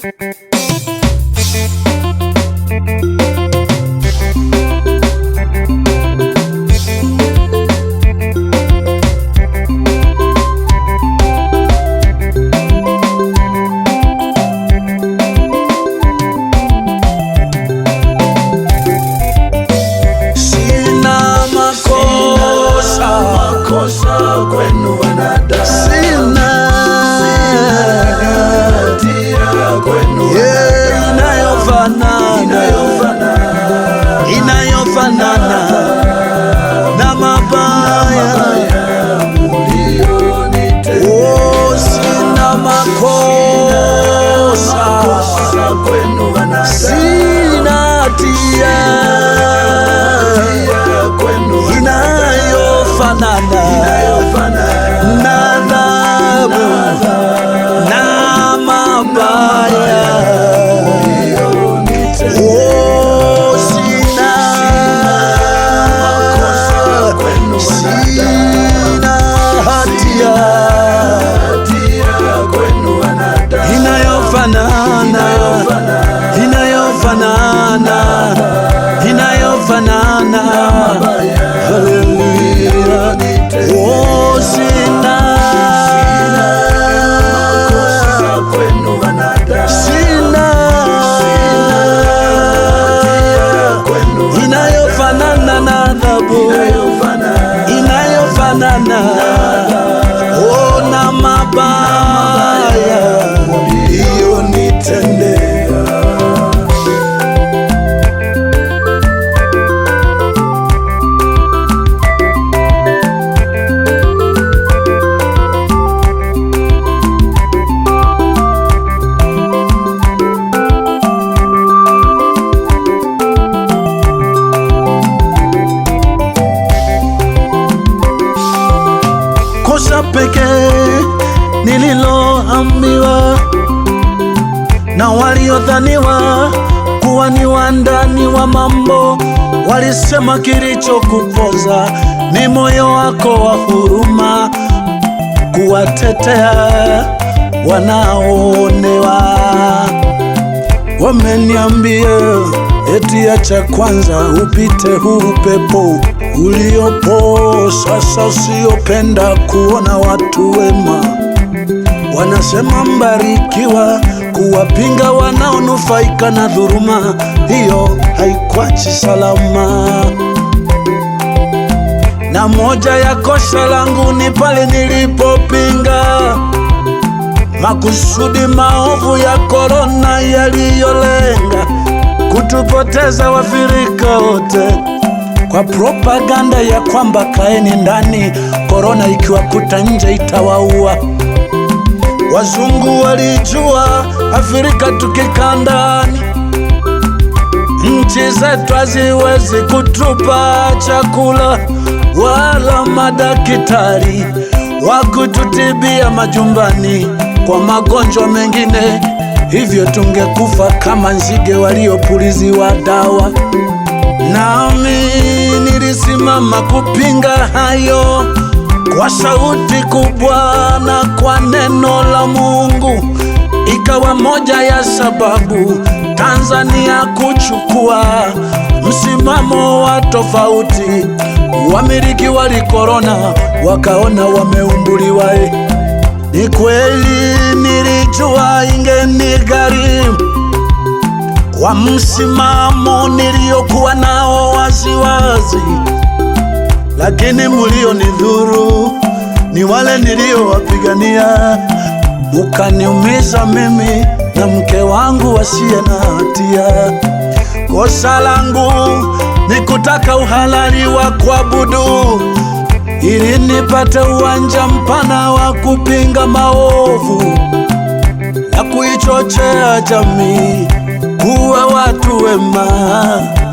Thank you. Não cosa bueno. walioambiwa na waliodhaniwa kuwa ni wandani wa mambo walisema, kilichokupoza ni moyo wako wa huruma kuwatetea wanaoonewa. Wameniambia eti acha kwanza upite huu upepo uliopo sasa, usiopenda kuona watu wema wanasema mbarikiwa kuwapinga wanaonufaika na dhuruma hiyo haikwachi salama. Na moja ya kosa langu ni pale nilipopinga makusudi maovu ya korona yaliyolenga kutupoteza wafirika wote kwa propaganda ya kwamba kaeni ndani, korona ikiwakuta nje itawaua. Wazungu walijua Afrika tukikandani, nchi zetu haziwezi kutupa chakula wala madaktari wa kututibia majumbani kwa magonjwa mengine, hivyo tungekufa kama nzige waliopuliziwa dawa. Nami nilisimama kupinga hayo kwa sauti kubwa na kwa ikawa moja ya sababu Tanzania kuchukua msimamo wa tofauti. Wamiliki korona wakaona wameumbuliwa. Eh. Ni kweli nilijua ingenigharimu kwa msimamo niliyokuwa nao waziwazi, lakini mulionidhuru ni wale niliyowapigania ukaniumiza mimi na mke wangu asiye na hatia. Kosa langu ni kutaka uhalali wa kuabudu ili nipate uwanja mpana wa kupinga maovu na kuichochea jamii kuwa watu wema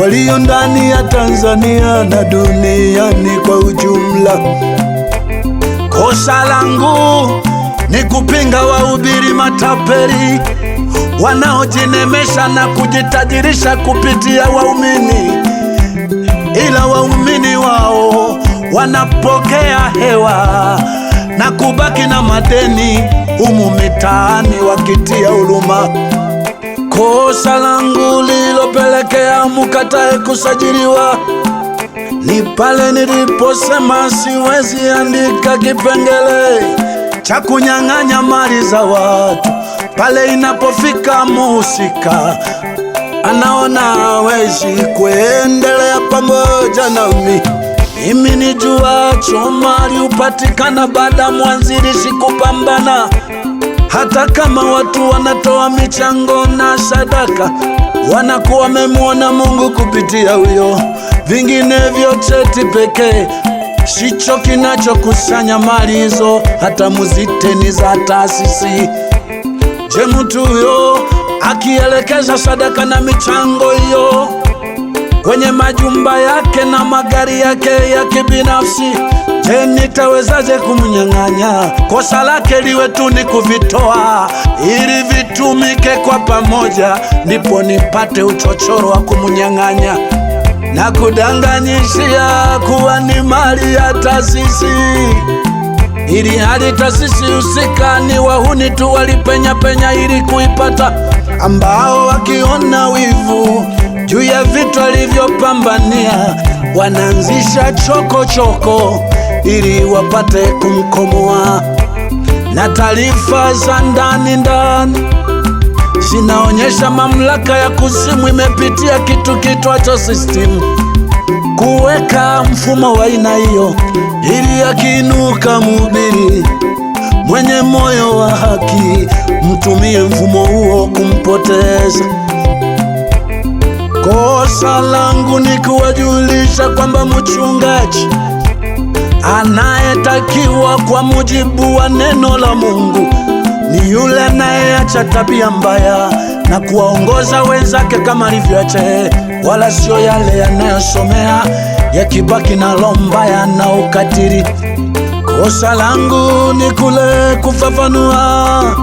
walio ndani ya Tanzania na duniani kwa ujumla. Kosa langu ni kupinga wahubiri matapeli wanaojinemesha na kujitajirisha kupitia waumini, ila waumini wao wanapokea hewa na kubaki na madeni humu mitaani wakitia huruma. Kosa langu lilopelekea mukatae kusajiliwa ni pale niliposema siwezi andika kipengele cha kunyang'anya mali za watu. Pale inapofika muhusika anaona hawezi kuendelea pamoja nami. Mimi ni jua chomali hupatikana baada mwanzilishi kupambana. Hata kama watu wanatoa michango na sadaka, wanakuwa wamemwona Mungu kupitia huyo, vingine vyo cheti pekee Shicho kinachokusanya mali hizo, hata muzite ni za taasisi. Je, mtu huyo akielekeza sadaka na michango hiyo kwenye majumba yake na magari yake ya kibinafsi, je, nitawezaje kumnyang'anya? Kosa lake liwe tu ni kuvitoa ili vitumike kwa pamoja, ndipo nipate uchochoro wa kumnyang'anya na kudanganyishia kuwa ni mali ya taasisi, ili hali taasisi husika ni wahuni tu walipenyapenya ili kuipata, ambao wakiona wivu juu ya vitu alivyopambania wanaanzisha chokochoko choko, ili wapate kumkomoa na taarifa za ndani ndani zinaonyesha mamlaka ya kuzimu imepitia kitu kitwacho system kuweka mfumo wa aina hiyo, ili akiinuka mhubiri mwenye moyo wa haki, mtumie mfumo huo kumpoteza. Kosa langu ni kuwajulisha kwamba mchungaji anayetakiwa kwa mujibu wa neno la Mungu ni yule anayeacha tabia mbaya na kuwaongoza wenzake kama alivyoacha yeye, wala sio yale yanayosomea yakibaki na roho mbaya na ukatili. Kosa langu ni kule kufafanua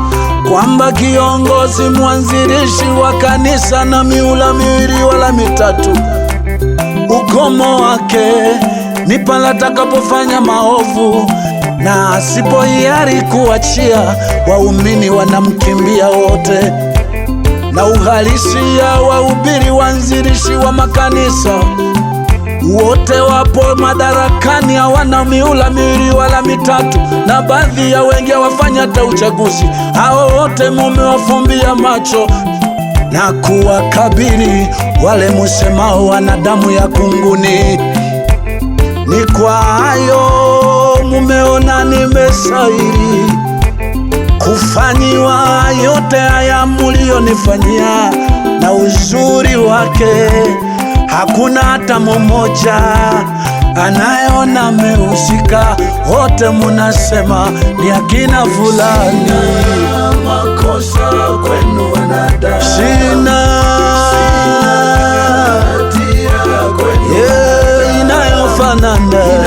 kwamba kiongozi mwanzilishi wa kanisa na miula miwili wala mitatu, ukomo wake ni pale atakapofanya maovu na asipo hiari kuachia, waumini wanamkimbia wote, na uhalisia wahubiri wanzirishi wa makanisa wote wapo madarakani, hawana miula miwili wala mitatu, na baadhi ya wengi hawafanya hata uchaguzi. Hao wote mumewafumbia macho na kuwakabili wale musemao wana damu ya kunguni. Ni kwa hayo mumeona nimesairi kufanyiwa yote haya mulionifanyia, na uzuri wake hakuna hata mmoja anayeona mehusika, wote munasema ni akina fulani. Sina inayofanana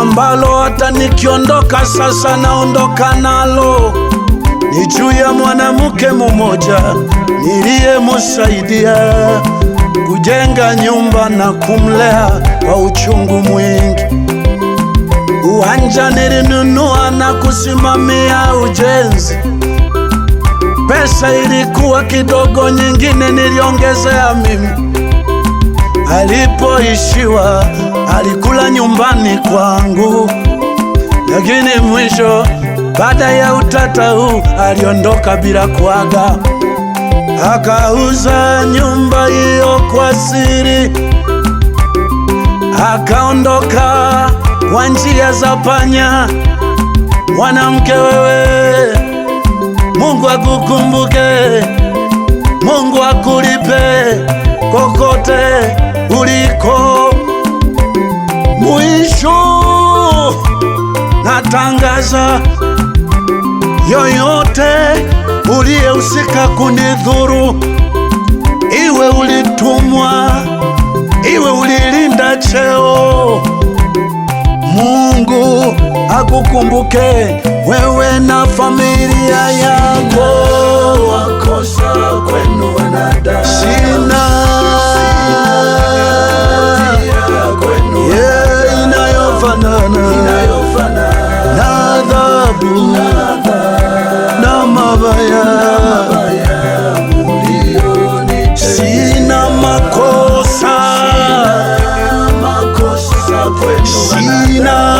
ambalo hata nikiondoka sasa naondoka nalo, ni juu ya mwanamke mumoja niliyemusaidia kujenga nyumba na kumlea kwa uchungu mwingi. Uwanja nilinunua na kusimamia ujenzi, pesa ilikuwa kidogo, nyingine niliongezea mimi alipoishiwa alikula nyumbani kwangu, lakini mwisho baada ya utata huu aliondoka bila kuaga, akauza nyumba hiyo kwa siri, akaondoka kwa njia za panya. Mwanamke wewe, Mungu akukumbuke, Mungu akulipe kokote uliko mwisho natangaza, yoyote uliyehusika kunidhuru, iwe ulitumwa, iwe ulilinda cheo, Mungu akukumbuke wewe na familia yako wakosa kwenu inayofanana na adhabu na mabaya sina